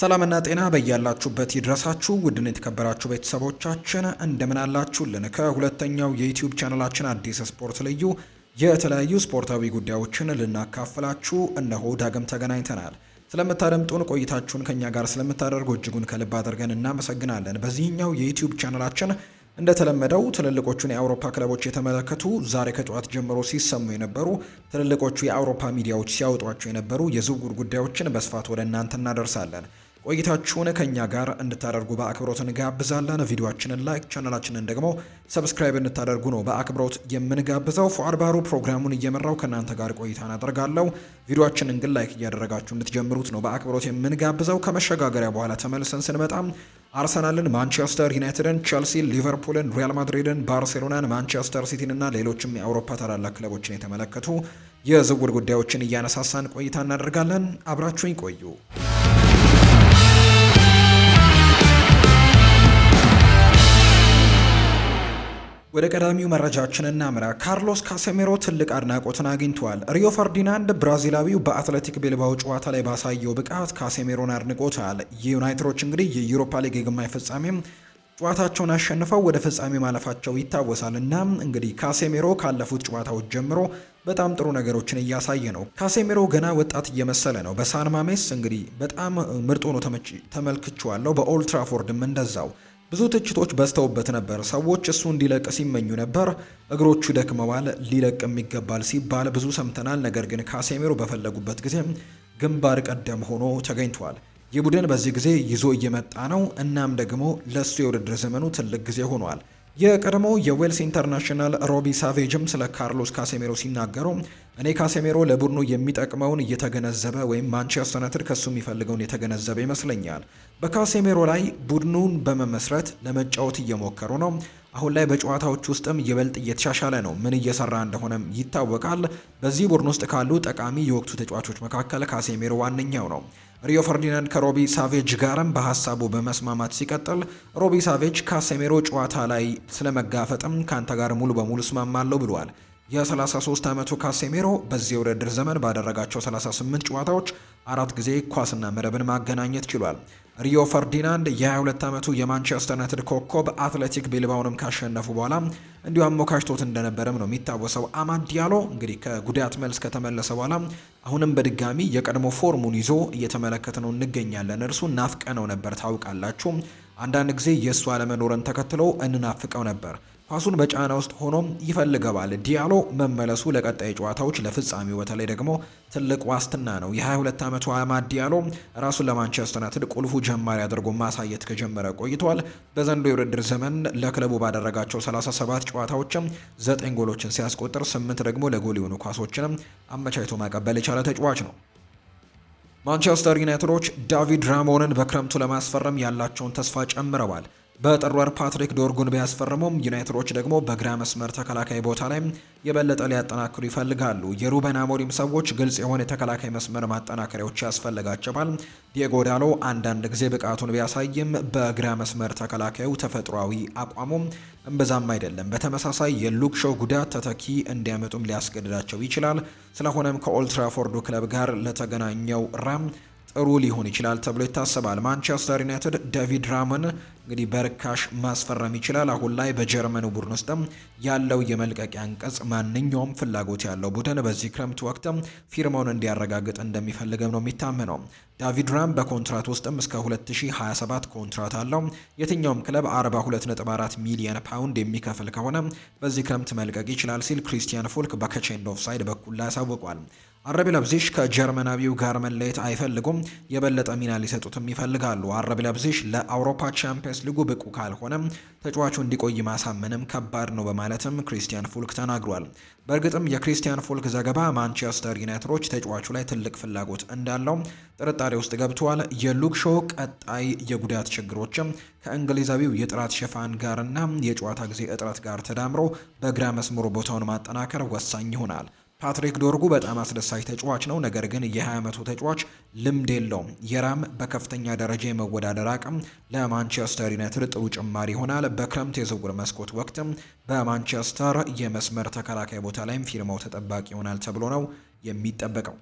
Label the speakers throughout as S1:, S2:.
S1: ሰላምና ጤና በያላችሁበት ይድረሳችሁ። ውድን የተከበራችሁ ቤተሰቦቻችን እንደምን አላችሁልን? ከሁለተኛው የዩቲዩብ ቻናላችን አዲስ ስፖርት ልዩ የተለያዩ ስፖርታዊ ጉዳዮችን ልናካፍላችሁ እነሆ ዳግም ተገናኝተናል። ስለምታደምጡን ቆይታችሁን ከኛ ጋር ስለምታደርጉ እጅጉን ከልብ አድርገን እናመሰግናለን። በዚህኛው የዩቲዩብ ቻናላችን እንደተለመደው ትልልቆቹን የአውሮፓ ክለቦች የተመለከቱ ዛሬ ከጠዋት ጀምሮ ሲሰሙ የነበሩ ትልልቆቹ የአውሮፓ ሚዲያዎች ሲያወጧቸው የነበሩ የዝውውር ጉዳዮችን በስፋት ወደ እናንተ እናደርሳለን። ቆይታችሁን ከኛ ጋር እንድታደርጉ በአክብሮት እንጋብዛለን። ቪዲዮችንን ላይክ ቻናላችንን ደግሞ ሰብስክራይብ እንድታደርጉ ነው በአክብሮት የምንጋብዘው። ፉአድ ባህሩ ፕሮግራሙን እየመራው ከእናንተ ጋር ቆይታ አደርጋለሁ። ቪዲዮችንን ግን ላይክ እያደረጋችሁ እንድትጀምሩት ነው በአክብሮት የምንጋብዘው። ከመሸጋገሪያ በኋላ ተመልሰን ስንመጣም አርሰናልን፣ ማንቸስተር ዩናይትድን፣ ቸልሲ፣ ሊቨርፑልን፣ ሪያል ማድሪድን፣ ባርሴሎናን፣ ማንቸስተር ሲቲን እና ሌሎችም የአውሮፓ ታላላቅ ክለቦችን የተመለከቱ የዝውውር ጉዳዮችን እያነሳሳን ቆይታ እናደርጋለን። አብራችሁኝ ቆዩ። ወደ ቀዳሚው መረጃችን እናምራ። ካርሎስ ካሴሜሮ ትልቅ አድናቆትን አግኝቷል። ሪዮ ፈርዲናንድ ብራዚላዊው በአትሌቲክ ቤልባው ጨዋታ ላይ ባሳየው ብቃት ካሴሜሮን አድንቆታል። የዩናይትዶች እንግዲህ የዩሮፓ ሊግ የግማሽ ፍጻሜ ጨዋታቸውን አሸንፈው ወደ ፍጻሜ ማለፋቸው ይታወሳል። እናም እንግዲህ ካሴሜሮ ካለፉት ጨዋታዎች ጀምሮ በጣም ጥሩ ነገሮችን እያሳየ ነው። ካሴሜሮ ገና ወጣት እየመሰለ ነው። በሳንማሜስ እንግዲህ በጣም ምርጥ ነው፣ ተመልክቼዋለሁ። በኦልትራፎርድም እንደዛው ብዙ ትችቶች በዝተውበት ነበር። ሰዎች እሱ እንዲለቅ ሲመኙ ነበር። እግሮቹ ደክመዋል፣ ሊለቅም ይገባል ሲባል ብዙ ሰምተናል። ነገር ግን ካሴሜሮ በፈለጉበት ጊዜ ግንባር ቀደም ሆኖ ተገኝቷል። ይህ ቡድን በዚህ ጊዜ ይዞ እየመጣ ነው። እናም ደግሞ ለእሱ የውድድር ዘመኑ ትልቅ ጊዜ ሆኗል። የቀድሞው የዌልስ ኢንተርናሽናል ሮቢ ሳቬጅም ስለ ካርሎስ ካሴሜሮ ሲናገሩ እኔ ካሴሜሮ ለቡድኑ የሚጠቅመውን እየተገነዘበ ወይም ማንቸስተር ዩናይትድ ከሱ የሚፈልገውን የተገነዘበ ይመስለኛል። በካሴሜሮ ላይ ቡድኑን በመመስረት ለመጫወት እየሞከሩ ነው። አሁን ላይ በጨዋታዎች ውስጥም ይበልጥ እየተሻሻለ ነው። ምን እየሰራ እንደሆነም ይታወቃል። በዚህ ቡድን ውስጥ ካሉ ጠቃሚ የወቅቱ ተጫዋቾች መካከል ካሴሜሮ ዋነኛው ነው። ሪዮ ፈርዲናንድ ከሮቢ ሳቬጅ ጋርም በሀሳቡ በመስማማት ሲቀጥል ሮቢ ሳቬጅ ካሴሜሮ ጨዋታ ላይ ስለመጋፈጥም ከአንተ ጋር ሙሉ በሙሉ እስማማለሁ ብሏል። የ33 ዓመቱ ካሴሜሮ በዚህ የውድድር ዘመን ባደረጋቸው 38 ጨዋታዎች አራት ጊዜ ኳስና መረብን ማገናኘት ችሏል። ሪዮ ፈርዲናንድ የ22 ዓመቱ የማንቸስተር ዩናይትድ ኮከብ አትሌቲክ ቢልባውንም ካሸነፉ በኋላ እንዲሁ አሞካሽቶት እንደነበረም ነው የሚታወሰው። አማድ ዲያሎ እንግዲህ ከጉዳት መልስ ከተመለሰ በኋላ አሁንም በድጋሚ የቀድሞ ፎርሙን ይዞ እየተመለከተ ነው እንገኛለን። እርሱ ናፍቀነው ነበር ታውቃላችሁ። አንዳንድ ጊዜ የእሱ አለመኖረን ተከትሎ እንናፍቀው ነበር ኳሱን በጫና ውስጥ ሆኖም ይፈልገዋል። ዲያሎ መመለሱ ለቀጣይ ጨዋታዎች ለፍጻሜው በተለይ ደግሞ ትልቅ ዋስትና ነው። የ22 ዓመቱ አማድ ዲያሎ ራሱን ለማንቸስተር ዩናይትድ ቁልፉ ጀማሪ አድርጎ ማሳየት ከጀመረ ቆይቷል። በዘንዶ የውድድር ዘመን ለክለቡ ባደረጋቸው 37 ጨዋታዎችም 9 ጎሎችን ሲያስቆጥር 8 ደግሞ ለጎል የሆኑ ኳሶችንም አመቻችቶ ማቀበል የቻለ ተጫዋች ነው። ማንቸስተር ዩናይትዶች ዳቪድ ራሞንን በክረምቱ ለማስፈረም ያላቸውን ተስፋ ጨምረዋል። በጥር ወር ፓትሪክ ዶርጉን ቢያስፈርሙም ዩናይትዶች ደግሞ በግራ መስመር ተከላካይ ቦታ ላይ የበለጠ ሊያጠናክሩ ይፈልጋሉ። የሩበን አሞሪም ሰዎች ግልጽ የሆነ የተከላካይ መስመር ማጠናከሪያዎች ያስፈልጋቸዋል። ዲዮጎ ዳሎ አንዳንድ ጊዜ ብቃቱን ቢያሳይም በግራ መስመር ተከላካዩ ተፈጥሯዊ አቋሙም እምብዛም አይደለም። በተመሳሳይ የሉክሾው ጉዳት ተተኪ እንዲያመጡም ሊያስገድዳቸው ይችላል። ስለሆነም ከኦልትራፎርዱ ክለብ ጋር ለተገናኘው ራም ጥሩ ሊሆን ይችላል ተብሎ ይታሰባል። ማንቸስተር ዩናይትድ ዴቪድ ራምን እንግዲህ በርካሽ ማስፈረም ይችላል። አሁን ላይ በጀርመን ቡድን ውስጥም ያለው የመልቀቂያ አንቀጽ ማንኛውም ፍላጎት ያለው ቡድን በዚህ ክረምት ወቅትም ፊርማውን እንዲያረጋግጥ እንደሚፈልግም ነው የሚታመነው። ዳቪድ ራም በኮንትራት ውስጥም እስከ 2027 ኮንትራት አለው። የትኛውም ክለብ 42.4 ሚሊዮን ፓውንድ የሚከፍል ከሆነ በዚህ ክረምት መልቀቅ ይችላል ሲል ክሪስቲያን ፎልክ በከቼንድ ኦፍ ሳይድ በኩል ላይ አሳውቋል። አረብ ለብዚሽ ከጀርመናዊው ጋር መለየት አይፈልጉም። የበለጠ ሚና ሊሰጡትም ይፈልጋሉ። አረብ ለብዚሽ ለአውሮፓ ቻምፒየንስ ሊጉ ብቁ ካልሆነም ተጫዋቹ እንዲቆይ ማሳመንም ከባድ ነው በማለትም ክሪስቲያን ፉልክ ተናግሯል። በእርግጥም የክሪስቲያን ፉልክ ዘገባ ማንቸስተር ዩናይትዶች ተጫዋቹ ላይ ትልቅ ፍላጎት እንዳለው ጥርጣሬ ውስጥ ገብተዋል። የሉክሾ ቀጣይ የጉዳት ችግሮችም ከእንግሊዛዊው የጥራት ሽፋን ጋርና የጨዋታ ጊዜ እጥረት ጋር ተዳምሮ በግራ መስመሩ ቦታውን ማጠናከር ወሳኝ ይሆናል። ፓትሪክ ዶርጉ በጣም አስደሳች ተጫዋች ነው፣ ነገር ግን የ20 ዓመቱ ተጫዋች ልምድ የለውም። የራም በከፍተኛ ደረጃ የመወዳደር አቅም ለማንቸስተር ዩናይትድ ጥሩ ጭማሪ ይሆናል። በክረምት የዝውውር መስኮት ወቅትም በማንቸስተር የመስመር ተከላካይ ቦታ ላይም ፊርማው ተጠባቂ ይሆናል ተብሎ ነው የሚጠበቀው።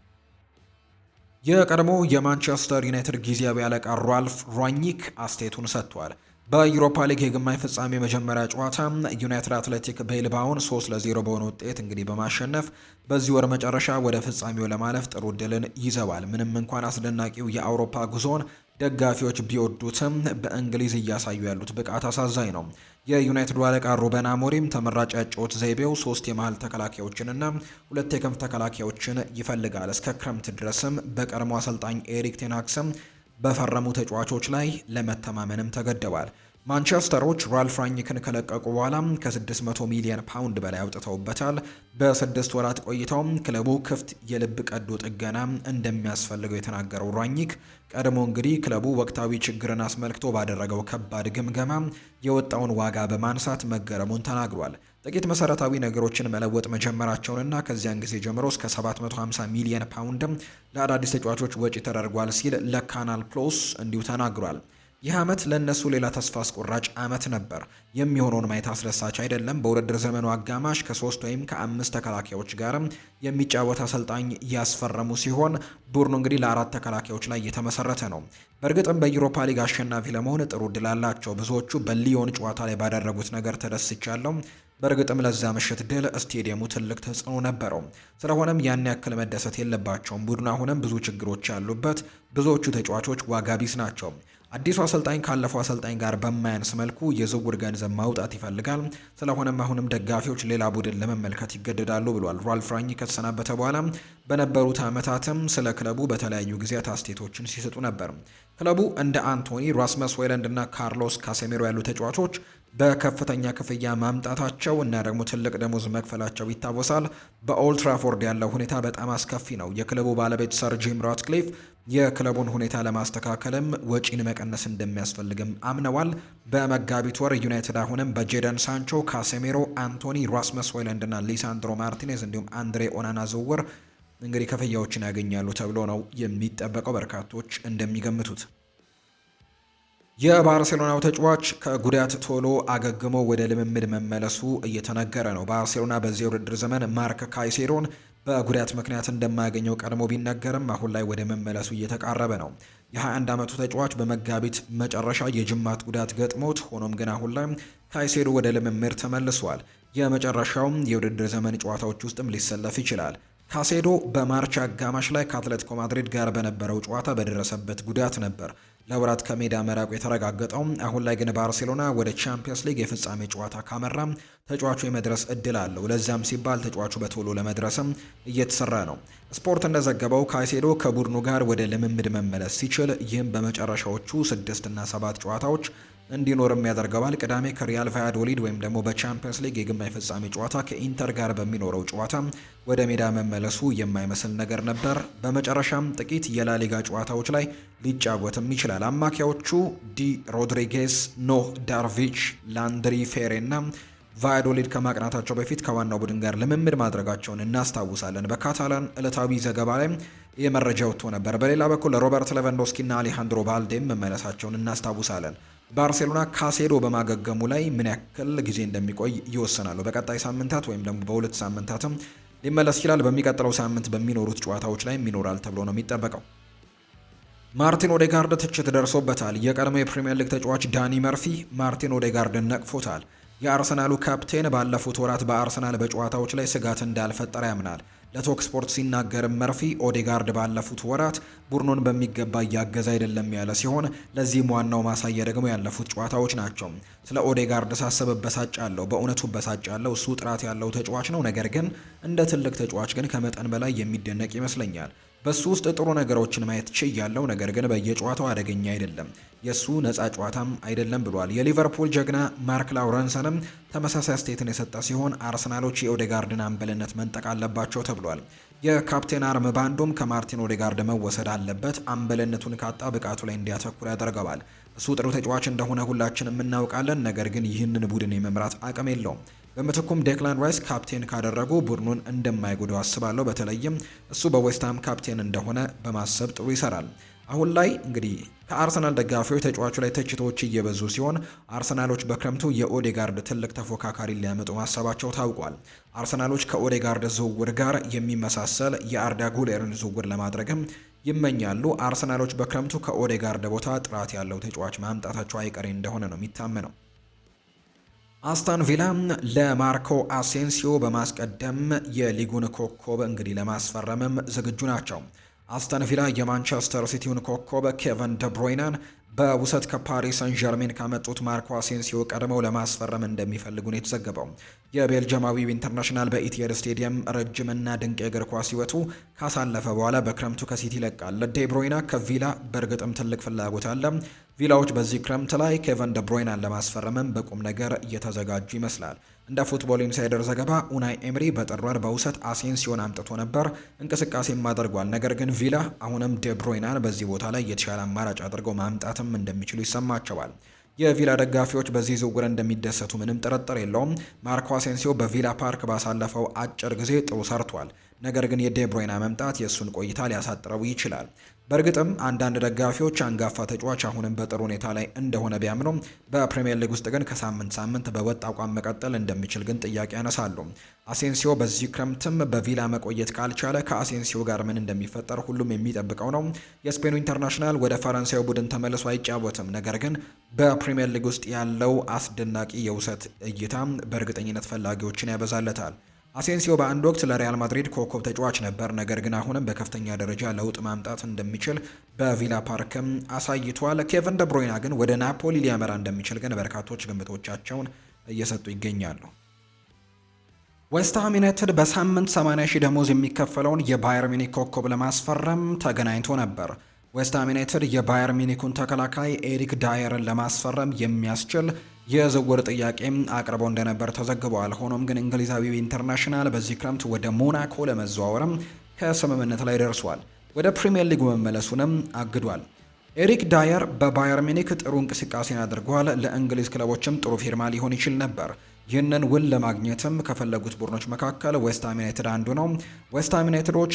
S1: የቀድሞ የማንቸስተር ዩናይትድ ጊዜያዊ አለቃ ራልፍ ራኒክ አስተያየቱን ሰጥቷል። በዩሮፓ ሊግ የግማሽ ፍጻሜ መጀመሪያ ጨዋታ ዩናይትድ አትሌቲክ ቤልባውን 3 ሶስት ለዜሮ በሆነ ውጤት እንግዲህ በማሸነፍ በዚህ ወር መጨረሻ ወደ ፍጻሜው ለማለፍ ጥሩ ድልን ይዘዋል። ምንም እንኳን አስደናቂው የአውሮፓ ጉዞን ደጋፊዎች ቢወዱትም በእንግሊዝ እያሳዩ ያሉት ብቃት አሳዛኝ ነው። የዩናይትዱ አለቃ ሩበን አሞሪም ተመራጭ ያጨዋወት ዘይቤው ሶስት የመሀል ተከላካዮችንና ሁለት የክንፍ ተከላካዮችን ይፈልጋል። እስከ ክረምት ድረስም በቀድሞ አሰልጣኝ ኤሪክ ቴናክስም በፈረሙ ተጫዋቾች ላይ ለመተማመንም ተገደዋል። ማንቸስተሮች ራልፍ ራኒክን ከለቀቁ በኋላ ከ600 ሚሊዮን ፓውንድ በላይ አውጥተውበታል። በስድስት ወራት ቆይታውም ክለቡ ክፍት የልብ ቀዶ ጥገና እንደሚያስፈልገው የተናገረው ራኒክ ቀድሞ እንግዲህ ክለቡ ወቅታዊ ችግርን አስመልክቶ ባደረገው ከባድ ግምገማ የወጣውን ዋጋ በማንሳት መገረሙን ተናግሯል። ጥቂት መሰረታዊ ነገሮችን መለወጥ መጀመራቸውንና ከዚያን ጊዜ ጀምሮ እስከ 750 ሚሊየን ፓውንድም ለአዳዲስ ተጫዋቾች ወጪ ተደርጓል ሲል ለካናል ፕሎስ እንዲሁ ተናግሯል። ይህ ዓመት ለእነሱ ሌላ ተስፋ አስቆራጭ ዓመት ነበር። የሚሆነውን ማየት አስደሳች አይደለም። በውድድር ዘመኑ አጋማሽ ከሶስት ወይም ከአምስት ተከላካዮች ጋርም የሚጫወት አሰልጣኝ ያስፈረሙ ሲሆን ቡድኑ እንግዲህ ለአራት ተከላካዮች ላይ እየተመሰረተ ነው። በእርግጥም በዩሮፓ ሊግ አሸናፊ ለመሆን ጥሩ እድል አላቸው። ብዙዎቹ በሊዮን ጨዋታ ላይ ባደረጉት ነገር ተደስቻለሁ። በእርግጥም ለዛ ምሽት ድል ስቴዲየሙ ትልቅ ተጽዕኖ ነበረው። ስለሆነም ያን ያክል መደሰት የለባቸውም። ቡድኑ አሁንም ብዙ ችግሮች ያሉበት፣ ብዙዎቹ ተጫዋቾች ዋጋ ቢስ ናቸው። አዲሱ አሰልጣኝ ካለፈው አሰልጣኝ ጋር በማያንስ መልኩ የዝውውር ገንዘብ ማውጣት ይፈልጋል። ስለሆነም አሁንም ደጋፊዎች ሌላ ቡድን ለመመልከት ይገደዳሉ ብሏል። ራልፍ ራኝ ከተሰናበተ በኋላ በነበሩት ዓመታትም ስለ ክለቡ በተለያዩ ጊዜያት አስቴቶችን ሲሰጡ ነበር። ክለቡ እንደ አንቶኒ፣ ራስመስ ወይለንድ እና ካርሎስ ካሴሜሮ ያሉ ተጫዋቾች በከፍተኛ ክፍያ ማምጣታቸው እና ደግሞ ትልቅ ደሞዝ መክፈላቸው ይታወሳል። በኦልትራፎርድ ያለው ሁኔታ በጣም አስከፊ ነው። የክለቡ ባለቤት ሰር ጂም ራትክሊፍ የክለቡን ሁኔታ ለማስተካከልም ወጪን መቀነስ እንደሚያስፈልግም አምነዋል። በመጋቢት ወር ዩናይትድ አሁንም በጄደን ሳንቾ፣ ካሴሜሮ፣ አንቶኒ፣ ራስመስ ሆይለንድ እና ሊሳንድሮ ማርቲኔዝ እንዲሁም አንድሬ ኦናና ዝውውር እንግዲህ ክፍያዎችን ያገኛሉ ተብሎ ነው የሚጠበቀው በርካቶች እንደሚገምቱት የባርሴሎናው ተጫዋች ከጉዳት ቶሎ አገግሞ ወደ ልምምድ መመለሱ እየተነገረ ነው። ባርሴሎና በዚህ ውድድር ዘመን ማርክ ካይሴሮን በጉዳት ምክንያት እንደማያገኘው ቀድሞ ቢነገርም አሁን ላይ ወደ መመለሱ እየተቃረበ ነው። የ21 ዓመቱ ተጫዋች በመጋቢት መጨረሻ የጅማት ጉዳት ገጥሞት፣ ሆኖም ግን አሁን ላይ ካይሴዶ ወደ ልምምድ ተመልሷል። የመጨረሻውም የውድድር ዘመን ጨዋታዎች ውስጥም ሊሰለፍ ይችላል። ካሴዶ በማርች አጋማሽ ላይ ከአትሌቲኮ ማድሪድ ጋር በነበረው ጨዋታ በደረሰበት ጉዳት ነበር ለወራት ከሜዳ መራቁ የተረጋገጠው አሁን ላይ ግን ባርሴሎና ወደ ቻምፒየንስ ሊግ የፍጻሜ ጨዋታ ካመራ ተጫዋቹ የመድረስ እድል አለው። ለዛም ሲባል ተጫዋቹ በቶሎ ለመድረስም እየተሰራ ነው። ስፖርት እንደዘገበው ካይሴዶ ከቡድኑ ጋር ወደ ልምምድ መመለስ ሲችል፣ ይህም በመጨረሻዎቹ ስድስትና ሰባት ጨዋታዎች እንዲኖር የሚያደርገዋል። ቅዳሜ ከሪያል ቫያዶሊድ ወይም ደግሞ በቻምፒየንስ ሊግ የግማሽ ፍጻሜ ጨዋታ ከኢንተር ጋር በሚኖረው ጨዋታ ወደ ሜዳ መመለሱ የማይመስል ነገር ነበር። በመጨረሻም ጥቂት የላሊጋ ጨዋታዎች ላይ ሊጫወትም ይችላል። አማካዮቹ ዲ ሮድሪጌስ፣ ኖህ ዳርቪች፣ ላንድሪ ፌሬ ና ቫያዶሊድ ከማቅናታቸው በፊት ከዋናው ቡድን ጋር ልምምድ ማድረጋቸውን እናስታውሳለን። በካታላን ዕለታዊ ዘገባ ላይ ይህ መረጃ ወጥቶ ነበር። በሌላ በኩል ሮበርት ሌቫንዶስኪ ና አሌሃንድሮ ባልዴም መመለሳቸውን እናስታውሳለን። ባርሴሎና ካሴዶ በማገገሙ ላይ ምን ያክል ጊዜ እንደሚቆይ ይወሰናሉ። በቀጣይ ሳምንታት ወይም ደግሞ በሁለት ሳምንታትም ሊመለስ ይችላል። በሚቀጥለው ሳምንት በሚኖሩት ጨዋታዎች ላይ ይኖራል ተብሎ ነው የሚጠበቀው። ማርቲን ኦዴጋርድ ትችት ደርሶበታል። የቀድሞ የፕሪምየር ሊግ ተጫዋች ዳኒ መርፊ ማርቲን ኦዴጋርድን ነቅፎታል። የአርሰናሉ ካፕቴን ባለፉት ወራት በአርሰናል በጨዋታዎች ላይ ስጋት እንዳልፈጠረ ያምናል። ለቶክ ስፖርት መርፊ ኦዴጋርድ ባለፉት ወራት ቡድኑን በሚገባ እያገዘ አይደለም ያለ ሲሆን ለዚህም ዋናው ማሳያ ደግሞ ያለፉት ጨዋታዎች ናቸው። ስለ ኦዴጋርድ ሳስብ እበሳጫለሁ፣ በእውነቱ እበሳጫለሁ። እሱ ጥራት ያለው ተጫዋች ነው፣ ነገር ግን እንደ ትልቅ ተጫዋች ግን ከመጠን በላይ የሚደነቅ ይመስለኛል። በሱ ውስጥ ጥሩ ነገሮችን ማየት ችያለው፣ ነገር ግን በየጨዋታው አደገኛ አይደለም፣ የሱ ነፃ ጨዋታም አይደለም ብሏል። የሊቨርፑል ጀግና ማርክ ላውረንሰንም ተመሳሳይ አስተያየትን የሰጠ ሲሆን አርሰናሎች የኦዴጋርድን አምበልነት መንጠቅ አለባቸው ተብሏል። የካፕቴን አርም ባንዶም ከማርቲን ኦዴጋርድ መወሰድ አለበት። አምበልነቱን ካጣ ብቃቱ ላይ እንዲያተኩር ያደርገዋል። እሱ ጥሩ ተጫዋች እንደሆነ ሁላችንም እናውቃለን፣ ነገር ግን ይህንን ቡድን የመምራት አቅም የለውም። በምትኩም ዴክላን ራይስ ካፕቴን ካደረጉ ቡድኑን እንደማይጎዳው አስባለሁ። በተለይም እሱ በዌስትሃም ካፕቴን እንደሆነ በማሰብ ጥሩ ይሰራል። አሁን ላይ እንግዲህ ከአርሰናል ደጋፊዎች ተጫዋቹ ላይ ትችቶች እየበዙ ሲሆን አርሰናሎች በክረምቱ የኦዴጋርድ ትልቅ ተፎካካሪ ሊያመጡ ማሰባቸው ታውቋል። አርሰናሎች ከኦዴጋርድ ዝውውር ጋር የሚመሳሰል የአርዳ ጉሌርን ዝውውር ለማድረግም ይመኛሉ። አርሰናሎች በክረምቱ ከኦዴጋርድ ቦታ ጥራት ያለው ተጫዋች ማምጣታቸው አይቀሬ እንደሆነ ነው የሚታመነው። አስታን ቪላ ለማርኮ አሴንሲዮ በማስቀደም የሊጉን ኮከብ እንግዲህ ለማስፈረምም ዝግጁ ናቸው። አስተን ቪላ የማንቸስተር ሲቲውን ኮከብ ኬቨን ደብሮይናን በውሰት ከፓሪስ ሰን ዠርሜን ካመጡት ማርኮ አሴንሲዮ ቀድመው ለማስፈረም እንደሚፈልጉ ነው የተዘገበው። የቤልጅማዊው ኢንተርናሽናል በኢትየር ስቴዲየም ረጅምና ድንቅ የእግር ኳስ ሕይወቱ ካሳለፈ በኋላ በክረምቱ ከሲቲ ይለቃል። ደብሮይና ከቪላ በእርግጥም ትልቅ ፍላጎት አለ። ቪላዎች በዚህ ክረምት ላይ ኬቨን ደብሮይናን ለማስፈረምም በቁም ነገር እየተዘጋጁ ይመስላል። እንደ ፉትቦል ኢንሳይደር ዘገባ ኡናይ ኤምሪ በጥር በውሰት አሴንሲዮን አምጥቶ ነበር፣ እንቅስቃሴም አድርጓል። ነገር ግን ቪላ አሁንም ደብሮይናን በዚህ ቦታ ላይ የተሻለ አማራጭ አድርገው ማምጣትም እንደሚችሉ ይሰማቸዋል። የቪላ ደጋፊዎች በዚህ ዝውውር እንደሚደሰቱ ምንም ጥርጥር የለውም። ማርኮ አሴንሲዮ በቪላ ፓርክ ባሳለፈው አጭር ጊዜ ጥሩ ሰርቷል። ነገር ግን የዴብሮይና መምጣት የእሱን ቆይታ ሊያሳጥረው ይችላል። በእርግጥም አንዳንድ ደጋፊዎች አንጋፋ ተጫዋች አሁንም በጥሩ ሁኔታ ላይ እንደሆነ ቢያምኑም በፕሪምየር ሊግ ውስጥ ግን ከሳምንት ሳምንት በወጥ አቋም መቀጠል እንደሚችል ግን ጥያቄ ያነሳሉ። አሴንሲዮ በዚህ ክረምትም በቪላ መቆየት ካልቻለ ከአሴንሲዮ ጋር ምን እንደሚፈጠር ሁሉም የሚጠብቀው ነው። የስፔኑ ኢንተርናሽናል ወደ ፈረንሳዊ ቡድን ተመልሶ አይጫወትም። ነገር ግን በፕሪምየር ሊግ ውስጥ ያለው አስደናቂ የውሰት እይታ በእርግጠኝነት ፈላጊዎችን ያበዛለታል። አሴንሲዮ በአንድ ወቅት ለሪያል ማድሪድ ኮከብ ተጫዋች ነበር። ነገር ግን አሁንም በከፍተኛ ደረጃ ለውጥ ማምጣት እንደሚችል በቪላ ፓርክም አሳይቷል። ኬቨን ደብሮይና ግን ወደ ናፖሊ ሊያመራ እንደሚችል ግን በርካቶች ግምቶቻቸውን እየሰጡ ይገኛሉ። ዌስትሃም ዩናይትድ በሳምንት 80 ሺህ ደሞዝ የሚከፈለውን የባየር ሚኒክ ኮከብ ለማስፈረም ተገናኝቶ ነበር። ዌስትሃም ዩናይትድ የባየር ሚኒኩን ተከላካይ ኤሪክ ዳየርን ለማስፈረም የሚያስችል የዝውውር ጥያቄም አቅርቦ እንደነበር ተዘግበዋል። ሆኖም ግን እንግሊዛዊው ኢንተርናሽናል በዚህ ክረምት ወደ ሞናኮ ለመዘዋወርም ከስምምነት ላይ ደርሷል። ወደ ፕሪምየር ሊግ መመለሱንም አግዷል። ኤሪክ ዳየር በባየር ሚኒክ ጥሩ እንቅስቃሴን አድርጓል። ለእንግሊዝ ክለቦችም ጥሩ ፊርማ ሊሆን ይችል ነበር። ይህንን ውል ለማግኘትም ከፈለጉት ቡድኖች መካከል ዌስትሃም ዩናይትድ አንዱ ነው። ዌስትሃም ዩናይትዶች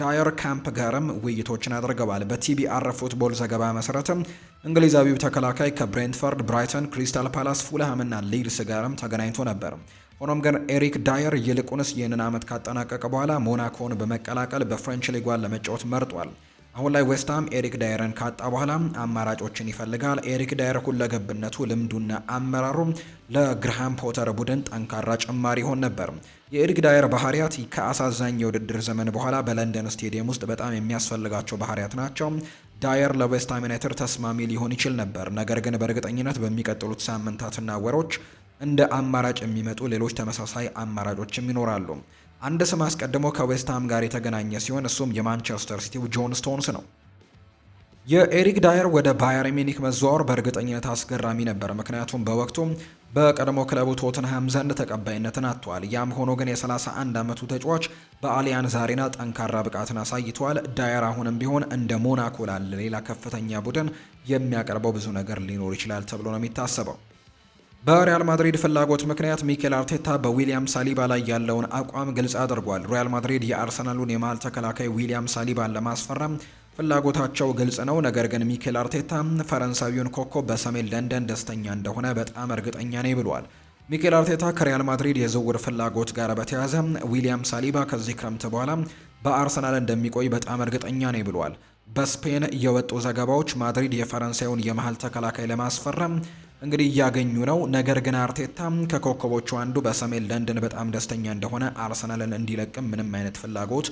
S1: ዳየር ካምፕ ጋርም ውይይቶችን አድርገዋል። በቲቢአር ፉትቦል ዘገባ መሰረትም እንግሊዛዊው ተከላካይ ከብሬንትፈርድ፣ ብራይተን፣ ክሪስታል ፓላስ፣ ፉልሃም እና ሊድስ ጋርም ተገናኝቶ ነበር። ሆኖም ግን ኤሪክ ዳየር ይልቁንስ ይህንን ዓመት ካጠናቀቀ በኋላ ሞናኮን በመቀላቀል በፍሬንች ሊጓን ለመጫወት መርጧል። አሁን ላይ ዌስትሃም ኤሪክ ዳየርን ካጣ በኋላ አማራጮችን ይፈልጋል። ኤሪክ ዳየር ሁለገብነቱ፣ ልምዱና አመራሩ ለግርሃም ፖተር ቡድን ጠንካራ ጭማሪ ይሆን ነበር። የኤሪክ ዳየር ባህሪያት ከአሳዛኝ የውድድር ዘመን በኋላ በለንደን ስቴዲየም ውስጥ በጣም የሚያስፈልጋቸው ባህሪያት ናቸው። ዳየር ለዌስትሃም ዩናይትድ ተስማሚ ሊሆን ይችል ነበር፣ ነገር ግን በእርግጠኝነት በሚቀጥሉት ሳምንታትና ወሮች እንደ አማራጭ የሚመጡ ሌሎች ተመሳሳይ አማራጮችም ይኖራሉ። አንድ ስም አስቀድሞ ከዌስትሃም ጋር የተገናኘ ሲሆን እሱም የማንቸስተር ሲቲው ጆን ስቶንስ ነው። የኤሪክ ዳየር ወደ ባየር ሚኒክ መዘዋወር በእርግጠኝነት አስገራሚ ነበር፣ ምክንያቱም በወቅቱ በቀድሞ ክለቡ ቶትንሃም ዘንድ ተቀባይነትን አጥቷል። ያም ሆኖ ግን የ31 ዓመቱ ተጫዋች በአሊያንዝ አሬና ጠንካራ ብቃትን አሳይቷል። ዳየር አሁንም ቢሆን እንደ ሞናኮ ላለ ሌላ ከፍተኛ ቡድን የሚያቀርበው ብዙ ነገር ሊኖር ይችላል ተብሎ ነው የሚታሰበው። በሪያል ማድሪድ ፍላጎት ምክንያት ሚኬል አርቴታ በዊሊያም ሳሊባ ላይ ያለውን አቋም ግልጽ አድርጓል። ሪያል ማድሪድ የአርሰናሉን የመሀል ተከላካይ ዊሊያም ሳሊባን ለማስፈረም ፍላጎታቸው ግልጽ ነው። ነገር ግን ሚኬል አርቴታ ፈረንሳዊውን ኮከብ በሰሜን ለንደን ደስተኛ እንደሆነ በጣም እርግጠኛ ነኝ ብሏል። ሚኬል አርቴታ ከሪያል ማድሪድ የዝውውር ፍላጎት ጋር በተያያዘ ዊሊያም ሳሊባ ከዚህ ክረምት በኋላ በአርሰናል እንደሚቆይ በጣም እርግጠኛ ነኝ ብሏል። በስፔን የወጡ ዘገባዎች ማድሪድ የፈረንሳዩን የመሀል ተከላካይ ለማስፈረም እንግዲህ እያገኙ ነው። ነገር ግን አርቴታ ከኮከቦቹ አንዱ በሰሜን ለንደን በጣም ደስተኛ እንደሆነ አርሰናልን እንዲለቅም ምንም አይነት ፍላጎት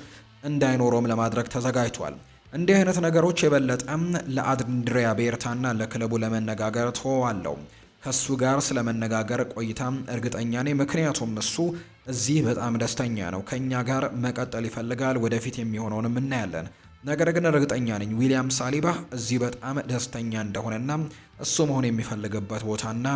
S1: እንዳይኖረውም ለማድረግ ተዘጋጅቷል። እንዲህ አይነት ነገሮች የበለጠም ለአንድሪያ ቤርታና ለክለቡ ለመነጋገር ተዋለው ከሱ ጋር ስለመነጋገር ቆይታ እርግጠኛ ነኝ። ምክንያቱም እሱ እዚህ በጣም ደስተኛ ነው፣ ከእኛ ጋር መቀጠል ይፈልጋል። ወደፊት የሚሆነውንም እናያለን። ነገር ግን እርግጠኛ ነኝ ዊሊያም ሳሊባ እዚህ በጣም ደስተኛ እንደሆነና እሱ መሆን የሚፈልግበት ቦታና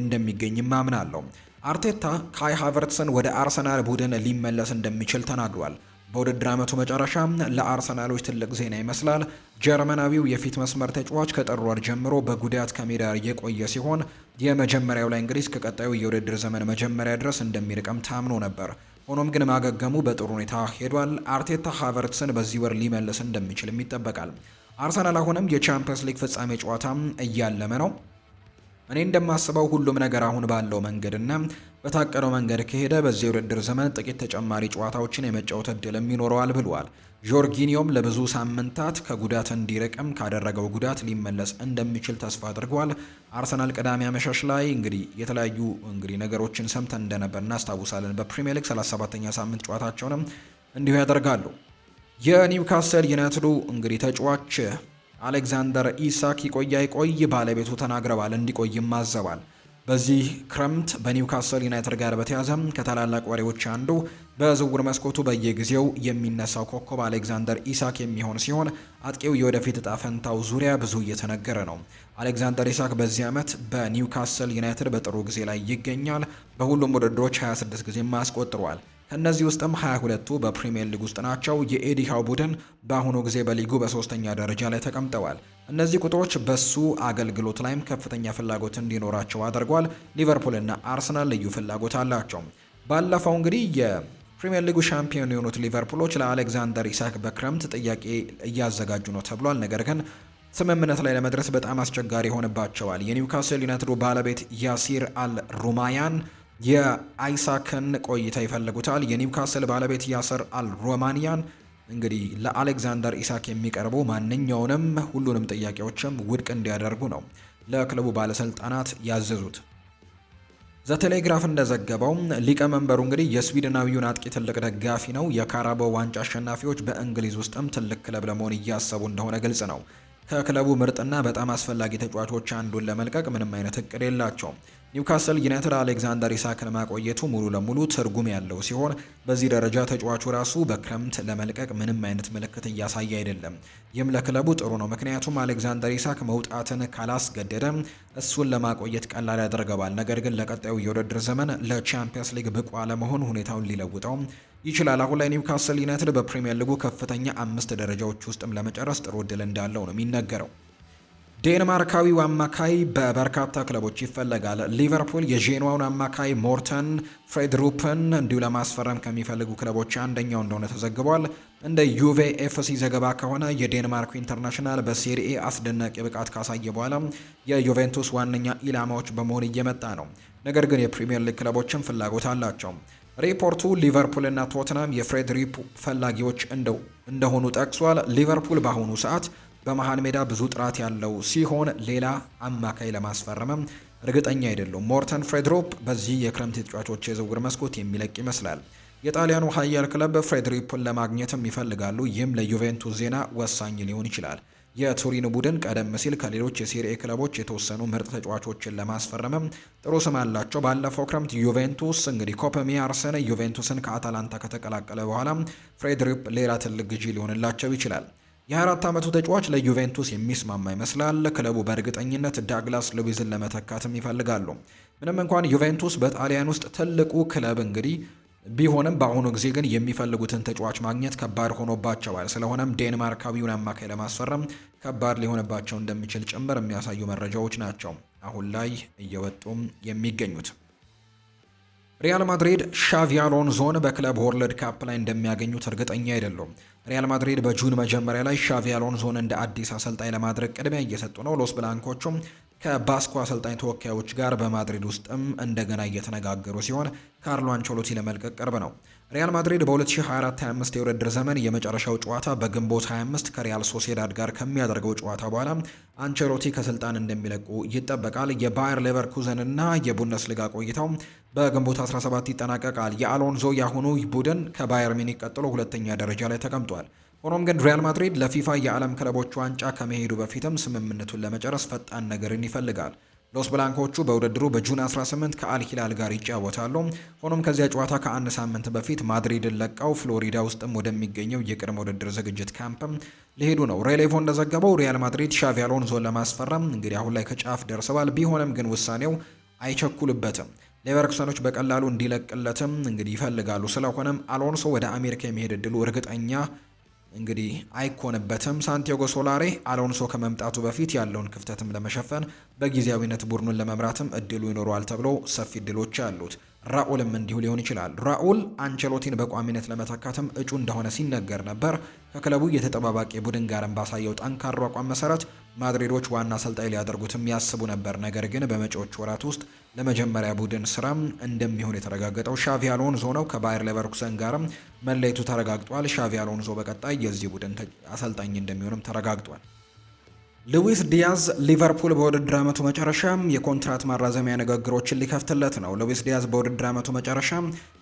S1: እንደሚገኝ ማምናለሁ። አርቴታ ካይ ሃቨርትስን ወደ አርሰናል ቡድን ሊመለስ እንደሚችል ተናግሯል። በውድድር ዓመቱ መጨረሻ ለአርሰናሎች ትልቅ ዜና ይመስላል። ጀርመናዊው የፊት መስመር ተጫዋች ከጥር ወር ጀምሮ በጉዳት ከሜዳ የቆየ ሲሆን የመጀመሪያው ላይ እንግዲህ እስከ ቀጣዩ የውድድር ዘመን መጀመሪያ ድረስ እንደሚርቀም ታምኖ ነበር። ሆኖም ግን ማገገሙ በጥሩ ሁኔታ ሄዷል። አርቴታ ሃቨርትስን በዚህ ወር ሊመልስ እንደሚችልም ይጠበቃል። አርሰናል አሁንም የቻምፒየንስ ሊግ ፍጻሜ ጨዋታ እያለመ ነው። እኔ እንደማስበው ሁሉም ነገር አሁን ባለው መንገድና በታቀደው መንገድ ከሄደ በዚህ የውድድር ዘመን ጥቂት ተጨማሪ ጨዋታዎችን የመጫወት እድልም ይኖረዋል ብሏል። ጆርጊኒዮም ለብዙ ሳምንታት ከጉዳት እንዲርቅም ካደረገው ጉዳት ሊመለስ እንደሚችል ተስፋ አድርጓል። አርሰናል ቅዳሜ አመሻሽ ላይ እንግዲህ የተለያዩ እንግዲህ ነገሮችን ሰምተን እንደነበር እናስታውሳለን። በፕሪሚየር ሊግ 37ኛ ሳምንት ጨዋታቸውንም እንዲሁ ያደርጋሉ። የኒውካስል ዩናይትዱ እንግዲህ ተጫዋች አሌክዛንደር ኢሳክ ይቆያ ይቆይ ባለቤቱ ተናግረዋል፣ እንዲቆይም አዘዋል። በዚህ ክረምት በኒውካስል ዩናይትድ ጋር በተያዘ ከታላላቅ ወሬዎች አንዱ በዝውውር መስኮቱ በየጊዜው የሚነሳው ኮከብ አሌክዛንደር ኢሳክ የሚሆን ሲሆን አጥቂው የወደፊት እጣ ፈንታው ዙሪያ ብዙ እየተነገረ ነው። አሌክዛንደር ኢሳክ በዚህ ዓመት በኒውካስል ዩናይትድ በጥሩ ጊዜ ላይ ይገኛል። በሁሉም ውድድሮች 26 ጊዜም አስቆጥሯል። ከእነዚህ ውስጥም 22ቱ በፕሪምየር ሊግ ውስጥ ናቸው። የኤዲሃው ቡድን በአሁኑ ጊዜ በሊጉ በሶስተኛ ደረጃ ላይ ተቀምጠዋል። እነዚህ ቁጥሮች በሱ አገልግሎት ላይም ከፍተኛ ፍላጎት እንዲኖራቸው አድርጓል። ሊቨርፑልና አርሰናል ልዩ ፍላጎት አላቸው። ባለፈው እንግዲህ የፕሪሚየር ሊጉ ሻምፒዮን የሆኑት ሊቨርፑሎች ለአሌክዛንደር ኢሳክ በክረምት ጥያቄ እያዘጋጁ ነው ተብሏል። ነገር ግን ስምምነት ላይ ለመድረስ በጣም አስቸጋሪ ይሆንባቸዋል። የኒውካስል ዩናይትዱ ባለቤት ያሲር አል ሩማያን የአይሳክን ቆይታ ይፈልጉታል። የኒውካስል ባለቤት ያሰር አልሮማንያን እንግዲህ ለአሌክዛንደር ኢሳክ የሚቀርቡ ማንኛውንም ሁሉንም ጥያቄዎችም ውድቅ እንዲያደርጉ ነው ለክለቡ ባለስልጣናት ያዘዙት። ዘቴሌግራፍ እንደዘገበው ሊቀመንበሩ እንግዲህ የስዊድናዊውን አጥቂ ትልቅ ደጋፊ ነው። የካራቦ ዋንጫ አሸናፊዎች በእንግሊዝ ውስጥም ትልቅ ክለብ ለመሆን እያሰቡ እንደሆነ ግልጽ ነው። ከክለቡ ምርጥና በጣም አስፈላጊ ተጫዋቾች አንዱን ለመልቀቅ ምንም አይነት እቅድ የላቸውም። ኒውካስል ዩናይትድ አሌክዛንደር ኢሳክን ማቆየቱ ሙሉ ለሙሉ ትርጉም ያለው ሲሆን በዚህ ደረጃ ተጫዋቹ ራሱ በክረምት ለመልቀቅ ምንም አይነት ምልክት እያሳየ አይደለም። ይህም ለክለቡ ጥሩ ነው፣ ምክንያቱም አሌክዛንደር ኢሳክ መውጣትን ካላስገደደ እሱን ለማቆየት ቀላል ያደርገዋል። ነገር ግን ለቀጣዩ የውድድር ዘመን ለቻምፒየንስ ሊግ ብቁ አለመሆን ሁኔታውን ሊለውጠው ይችላል። አሁን ላይ ኒውካስል ዩናይትድ በፕሪሚየር ሊጉ ከፍተኛ አምስት ደረጃዎች ውስጥም ለመጨረስ ጥሩ እድል እንዳለው ነው የሚነገረው። ዴንማርካዊው አማካይ በበርካታ ክለቦች ይፈለጋል። ሊቨርፑል የዤንዋውን አማካይ ሞርተን ፍሬድሩፕን እንዲሁ ለማስፈረም ከሚፈልጉ ክለቦች አንደኛው እንደሆነ ተዘግቧል። እንደ ዩቬ ኤፍሲ ዘገባ ከሆነ የዴንማርኩ ኢንተርናሽናል በሴሪኤ አስደናቂ ብቃት ካሳየ በኋላ የዩቬንቱስ ዋነኛ ኢላማዎች በመሆን እየመጣ ነው። ነገር ግን የፕሪምየር ሊግ ክለቦችም ፍላጎት አላቸው። ሪፖርቱ ሊቨርፑልና ቶትናም የፍሬድሪፑ ፈላጊዎች እንደሆኑ ጠቅሷል። ሊቨርፑል በአሁኑ ሰዓት በመሃል ሜዳ ብዙ ጥራት ያለው ሲሆን ሌላ አማካይ ለማስፈረምም እርግጠኛ አይደሉም። ሞርተን ፍሬድሮፕ በዚህ የክረምት ተጫዋቾች የዝውውር መስኮት የሚለቅ ይመስላል። የጣሊያኑ ኃያል ክለብ ፍሬድሪፑን ለማግኘትም ይፈልጋሉ። ይህም ለዩቬንቱስ ዜና ወሳኝ ሊሆን ይችላል። የቱሪን ቡድን ቀደም ሲል ከሌሎች የሴሪኤ ክለቦች የተወሰኑ ምርጥ ተጫዋቾችን ለማስፈረምም ጥሩ ስም አላቸው። ባለፈው ክረምት ዩቬንቱስ እንግዲህ ኮፕ ሚያርሰን ዩቬንቱስን ከአታላንታ ከተቀላቀለ በኋላ ፍሬድሪፕ ሌላ ትልቅ ግዢ ሊሆንላቸው ይችላል። የ24 ዓመቱ ተጫዋች ለዩቬንቱስ የሚስማማ ይመስላል። ክለቡ በእርግጠኝነት ዳግላስ ሉዊዝን ለመተካትም ይፈልጋሉ። ምንም እንኳን ዩቬንቱስ በጣሊያን ውስጥ ትልቁ ክለብ እንግዲህ ቢሆንም በአሁኑ ጊዜ ግን የሚፈልጉትን ተጫዋች ማግኘት ከባድ ሆኖባቸዋል። ስለሆነም ዴንማርካዊውን አማካይ ለማስፈረም ከባድ ሊሆንባቸው እንደሚችል ጭምር የሚያሳዩ መረጃዎች ናቸው አሁን ላይ እየወጡም የሚገኙት። ሪያል ማድሪድ ሻቪ አሎንዞን በክለብ ወርልድ ካፕ ላይ እንደሚያገኙት እርግጠኛ አይደሉም። ሪያል ማድሪድ በጁን መጀመሪያ ላይ ሻቪ አሎንዞን እንደ አዲስ አሰልጣኝ ለማድረግ ቅድሚያ እየሰጡ ነው። ሎስ ብላንኮቹም ከባስኮ አሰልጣኝ ተወካዮች ጋር በማድሪድ ውስጥም እንደገና እየተነጋገሩ ሲሆን ካርሎ አንቸሎቲ ለመልቀቅ ቅርብ ነው። ሪያል ማድሪድ በ2024/25 የውድድር ዘመን የመጨረሻው ጨዋታ በግንቦት 25 ከሪያል ሶሴዳድ ጋር ከሚያደርገው ጨዋታ በኋላ አንቸሎቲ ከስልጣን እንደሚለቁ ይጠበቃል። የባየር ሌቨርኩዘንና የቡንደስሊጋ ቆይታው በግንቦት 17 ይጠናቀቃል። የአሎንዞ ያሁኑ ቡድን ከባየር ሚኒክ ቀጥሎ ሁለተኛ ደረጃ ላይ ተቀምጧል። ሆኖም ግን ሪያል ማድሪድ ለፊፋ የዓለም ክለቦች ዋንጫ ከመሄዱ በፊትም ስምምነቱን ለመጨረስ ፈጣን ነገርን ይፈልጋል። ሎስ ብላንኮቹ በውድድሩ በጁን 18 ከአልሂላል ጋር ይጫወታሉ። ሆኖም ከዚያ ጨዋታ ከአንድ ሳምንት በፊት ማድሪድን ለቀው ፍሎሪዳ ውስጥም ወደሚገኘው የቅድመ ውድድር ዝግጅት ካምፕም ሊሄዱ ነው። ሬሌቮ እንደዘገበው ሪያል ማድሪድ ሻቪ አሎንሶን ለማስፈረም እንግዲህ አሁን ላይ ከጫፍ ደርሰዋል። ቢሆንም ግን ውሳኔው አይቸኩልበትም። ሌቨርኩሰኖች በቀላሉ እንዲለቅለትም እንግዲህ ይፈልጋሉ። ስለሆነም አሎንሶ ወደ አሜሪካ የሚሄድ እድሉ እርግጠኛ እንግዲህ አይኮንበትም። ሳንቲያጎ ሶላሬ አሎንሶ ከመምጣቱ በፊት ያለውን ክፍተትም ለመሸፈን በጊዜያዊነት ቡድኑን ለመምራትም እድሉ ይኖረዋል ተብሎ ሰፊ እድሎች አሉት። ራኡልም እንዲሁ ሊሆን ይችላል። ራኡል አንቸሎቲን በቋሚነት ለመተካትም እጩ እንደሆነ ሲነገር ነበር። ከክለቡ የተጠባባቂ ቡድን ጋርም ባሳየው ጠንካራ አቋም መሰረት ማድሪዶች ዋና አሰልጣኝ ሊያደርጉትም ያስቡ ነበር። ነገር ግን በመጪዎች ወራት ውስጥ ለመጀመሪያ ቡድን ስራም እንደሚሆን የተረጋገጠው ሻቪ አሎንዞ ነው። ከባየር ሌቨርኩሰን ጋርም መለየቱ ተረጋግጧል። ሻቪ አሎንዞ በቀጣይ የዚህ ቡድን አሰልጣኝ እንደሚሆንም ተረጋግጧል። ሉዊስ ዲያዝ ሊቨርፑል በውድድር ዓመቱ መጨረሻ የኮንትራት ማራዘሚያ ንግግሮችን ሊከፍትለት ነው። ሉዊስ ዲያዝ በውድድር ዓመቱ መጨረሻ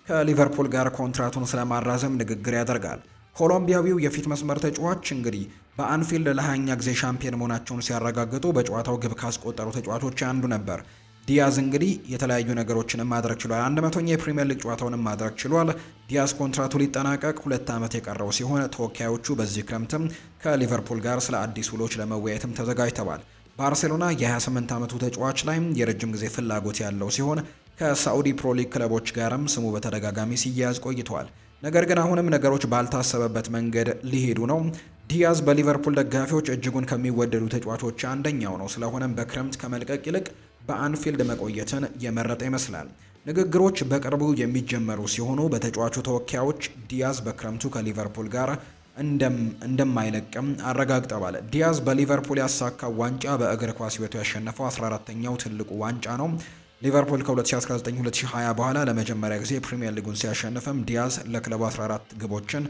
S1: ከሊቨርፑል ጋር ኮንትራቱን ስለማራዘም ንግግር ያደርጋል። ኮሎምቢያዊው የፊት መስመር ተጫዋች እንግዲህ በአንፊልድ ለሃያኛ ጊዜ ሻምፒዮን መሆናቸውን ሲያረጋግጡ በጨዋታው ግብ ካስቆጠሩ ተጫዋቾች አንዱ ነበር። ዲያዝ እንግዲህ የተለያዩ ነገሮችንም ማድረግ ችሏል። አንድ መቶኛ የፕሪምየር ሊግ ጨዋታውንም ማድረግ ችሏል። ዲያዝ ኮንትራቱ ሊጠናቀቅ ሁለት ዓመት የቀረው ሲሆን ተወካዮቹ በዚህ ክረምትም ከሊቨርፑል ጋር ስለ አዲስ ውሎች ለመወያየትም ተዘጋጅተዋል። ባርሴሎና የ28 ዓመቱ ተጫዋች ላይ የረጅም ጊዜ ፍላጎት ያለው ሲሆን ከሳዑዲ ፕሮ ሊግ ክለቦች ጋርም ስሙ በተደጋጋሚ ሲያያዝ ቆይተዋል። ነገር ግን አሁንም ነገሮች ባልታሰበበት መንገድ ሊሄዱ ነው። ዲያዝ በሊቨርፑል ደጋፊዎች እጅጉን ከሚወደዱ ተጫዋቾች አንደኛው ነው። ስለሆነም በክረምት ከመልቀቅ ይልቅ በአንፊልድ መቆየትን የመረጠ ይመስላል። ንግግሮች በቅርቡ የሚጀመሩ ሲሆኑ በተጫዋቹ ተወካዮች ዲያዝ በክረምቱ ከሊቨርፑል ጋር እንደማይለቅም አረጋግጠዋል። ዲያዝ በሊቨርፑል ያሳካው ዋንጫ በእግር ኳስ ሕይወቱ ያሸነፈው 14ተኛው ትልቁ ዋንጫ ነው። ሊቨርፑል ከ2019-2020 በኋላ ለመጀመሪያ ጊዜ ፕሪምየር ሊጉን ሲያሸንፍም ዲያዝ ለክለቡ 14 ግቦችን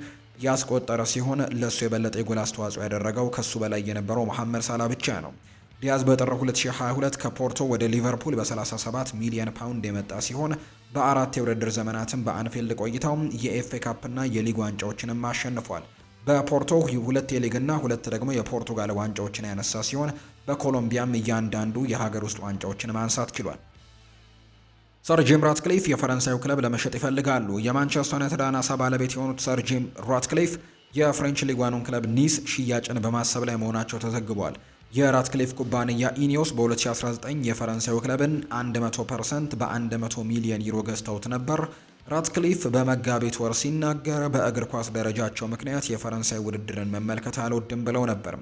S1: ያስቆጠረ ሲሆን ለእሱ የበለጠ የጎል አስተዋጽኦ ያደረገው ከሱ በላይ የነበረው መሐመድ ሳላ ብቻ ነው። ዲያዝ በጥር 2022 ከፖርቶ ወደ ሊቨርፑል በ37 ሚሊዮን ፓውንድ የመጣ ሲሆን በአራት የውድድር ዘመናትም በአንፊልድ ቆይታው የኤፍኤ ካፕና የሊግ ዋንጫዎችንም አሸንፏል። በፖርቶ ሁለት የሊግና ሁለት ደግሞ የፖርቱጋል ዋንጫዎችን ያነሳ ሲሆን በኮሎምቢያም እያንዳንዱ የሀገር ውስጥ ዋንጫዎችን ማንሳት ችሏል። ሰር ጂም ራትክሊፍ የፈረንሳዩ ክለብ ለመሸጥ ይፈልጋሉ። የማንቸስተር ዩናይትድ አናሳ ባለቤት የሆኑት ሰር ጂም ራትክሊፍ የፍሬንች ሊጓኑን ክለብ ኒስ ሽያጭን በማሰብ ላይ መሆናቸው ተዘግቧል። የራትክሊፍ ኩባንያ ኢኒዮስ በ2019 የፈረንሳዩ ክለብን 100 ፐርሰንት በ100 ሚሊዮን ዩሮ ገዝተውት ነበር። ራትክሊፍ በመጋቢት ወር ሲናገር በእግር ኳስ ደረጃቸው ምክንያት የፈረንሳይ ውድድርን መመልከት አልወድም ብለው ነበር።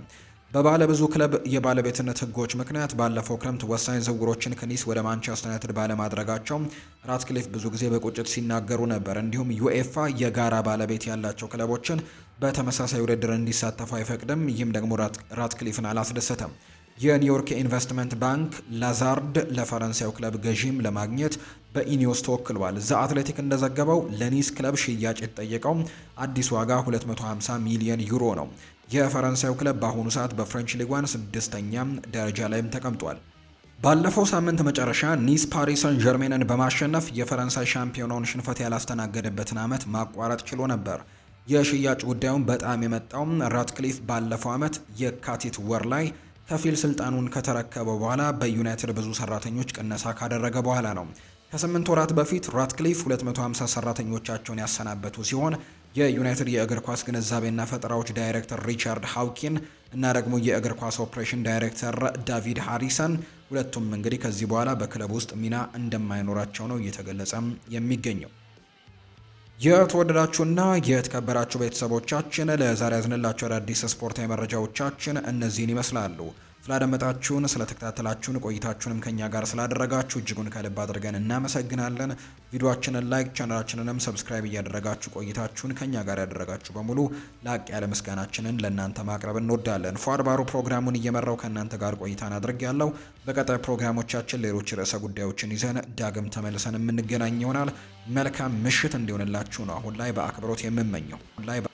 S1: በባለብዙ ክለብ የባለቤትነት ህጎች ምክንያት ባለፈው ክረምት ወሳኝ ዝውውሮችን ከኒስ ወደ ማንቸስተር ዩናይትድ ባለማድረጋቸው ራትክሊፍ ብዙ ጊዜ በቁጭት ሲናገሩ ነበር። እንዲሁም ዩኤፋ የጋራ ባለቤት ያላቸው ክለቦችን በተመሳሳይ ውድድር እንዲሳተፉ አይፈቅድም። ይህም ደግሞ ራትክሊፍን አላስደሰተም። የኒውዮርክ ኢንቨስትመንት ባንክ ላዛርድ ለፈረንሳዩ ክለብ ገዢም ለማግኘት በኢኒዮስ ተወክሏል። ዘ አትሌቲክ እንደዘገበው ለኒስ ክለብ ሽያጭ የተጠየቀው አዲስ ዋጋ 250 ሚሊዮን ዩሮ ነው። የፈረንሳዩ ክለብ በአሁኑ ሰዓት በፍሬንች ሊጓን ስድስተኛ ደረጃ ላይም ተቀምጧል። ባለፈው ሳምንት መጨረሻ ኒስ ፓሪስ ሰን ጀርሜንን በማሸነፍ የፈረንሳይ ሻምፒዮናውን ሽንፈት ያላስተናገደበትን ዓመት ማቋረጥ ችሎ ነበር። የሽያጭ ጉዳዩን በጣም የመጣውም ራትክሊፍ ባለፈው ዓመት የካቲት ወር ላይ ከፊል ስልጣኑን ከተረከበ በኋላ በዩናይትድ ብዙ ሰራተኞች ቅነሳ ካደረገ በኋላ ነው። ከስምንት ወራት በፊት ራትክሊፍ 250 ሰራተኞቻቸውን ያሰናበቱ ሲሆን የዩናይትድ የእግር ኳስ ግንዛቤና ፈጠራዎች ዳይሬክተር ሪቻርድ ሃውኪን እና ደግሞ የእግር ኳስ ኦፕሬሽን ዳይሬክተር ዳቪድ ሃሪሰን ሁለቱም እንግዲህ ከዚህ በኋላ በክለብ ውስጥ ሚና እንደማይኖራቸው ነው እየተገለጸም የሚገኘው። የተወደዳችሁና የተከበራችሁ ቤተሰቦቻችን ለዛሬ ያዝንላችሁ አዳዲስ ስፖርታዊ መረጃዎቻችን እነዚህን ይመስላሉ። ስላደመጣችሁን፣ ስለተከታተላችሁን፣ ቆይታችሁንም ከኛ ጋር ስላደረጋችሁ እጅጉን ከልብ አድርገን እናመሰግናለን። ቪዲዮችንን ላይክ፣ ቻናላችንንም ሰብስክራይብ እያደረጋችሁ ቆይታችሁን ከኛ ጋር ያደረጋችሁ በሙሉ ላቅ ያለ ምስጋናችንን ለእናንተ ማቅረብ እንወዳለን። ፏድ ፕሮግራሙን እየመራው ከእናንተ ጋር ቆይታን አድርግ ያለው። በቀጣይ ፕሮግራሞቻችን ሌሎች ርዕሰ ጉዳዮችን ይዘን ዳግም ተመልሰን የምንገናኝ ይሆናል። መልካም ምሽት እንዲሆንላችሁ ነው አሁን ላይ በአክብሮት የምመኘው።